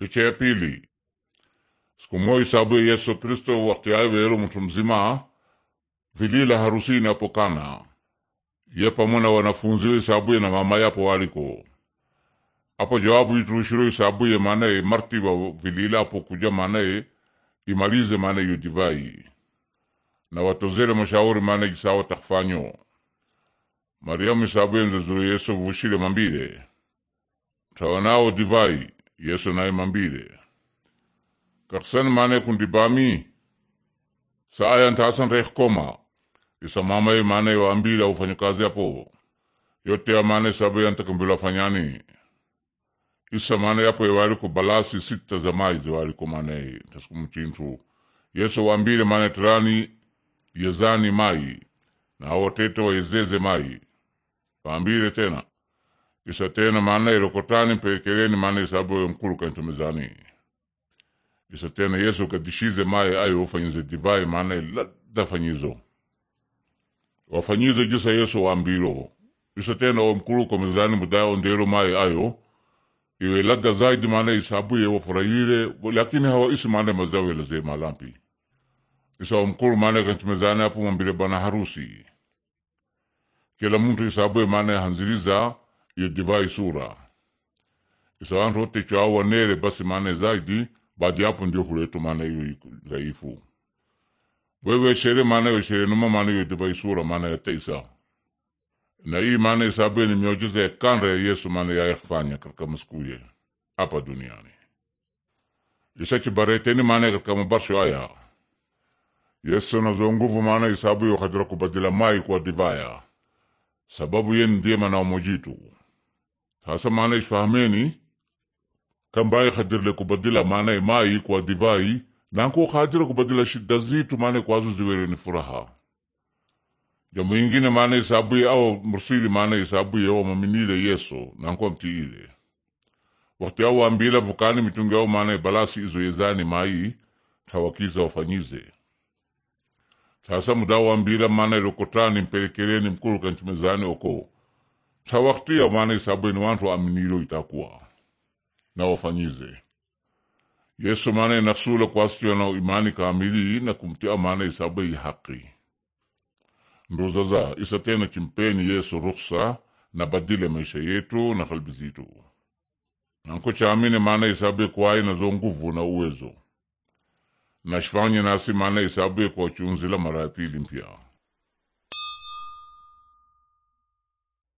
Picha ya pili. Siku moja sababu ya Yesu Kristo wakati ayo wero mtu mzima vilila harusini hapo Kana. Ye pamoja na wanafunzi sababu na mama yapo waliko. apo jawabu iturushiro sababu ya maana marti wa vilila apo kuja manaye imalize manaye hiyo divai. Na watozele mashauri manaye isawa takfanyo. Mariamu sababu ya nzazuru Yesu vushile mambile. Tawanao divai yesu naye mambide karsan mane kundibami sa aya ntasan reh koma isa mamaye mane waambile kazi apo yote amane sabe antakambilo fanyani isa mane yapo ewaliko balasi sita za maizi waliko mane taskumchintu yesu waambile mane tirani yezani mai na awotete waezeze mai waambile tena isatena maana irokotani mpekeleni maana isabuyo mkuluka ntumezani tena yesu kadishize maye ayo ufanyize divai maana iladda fanyizo wafanyize jisa yesu waambiro isatena omkuluka mezani mudayo ondero maye ayo iwe ladda zaidi maana ya wafurahire lakini hawa isi maana mazawe laze malampi isa omkulu maana kantumezani apo mwambire bana harusi kila muntu isabuye maana hanziriza divai sura isawan rote chao nere basi maana zaidi baadi yapo ndio huletu maana hiyo dhaifu wewe shere maana shere numa maana divai sura maana ya isa na hii maana isabe ni miujiza ya kanre ya Yesu maana yayakfanya katika masikuye hapa duniani isachi bareteni maana katika mabarsho aya Yesu nazo nguvu maana isabu yo kadira kubadila mai divaya sababu yeni ndiye maana mojitu Hasa maana ishfahameni kambaye khadire kubadila maana mai kwa divai nanko khadire kubadila shida zitu maana kwazo ni furaha jamu ingine maana isabuye au mursili maana isabuye wamaminile yeso nanko mtiile wakati au wambila vukani mitungi au maana ibalasi izo yezani mai tawakiza wafanyize sasa muda wambila maana ilokotani mpelekeleni mkuru kanchumezani okoo tawaktia maana ni wantu aminilo itakuwa na wafanyize yesu maana inasula kuasitiwa na imani kamili na kumtia maana isabwe haki nduzaza isatena kimpeni yesu ruksa na badile maisha yetu na kalbi zitu nanko chaamine maana isabwe kwaye nazo nguvu na uwezo nashifanye nasi maana isabwe kuwachunzila mara ya pili mpya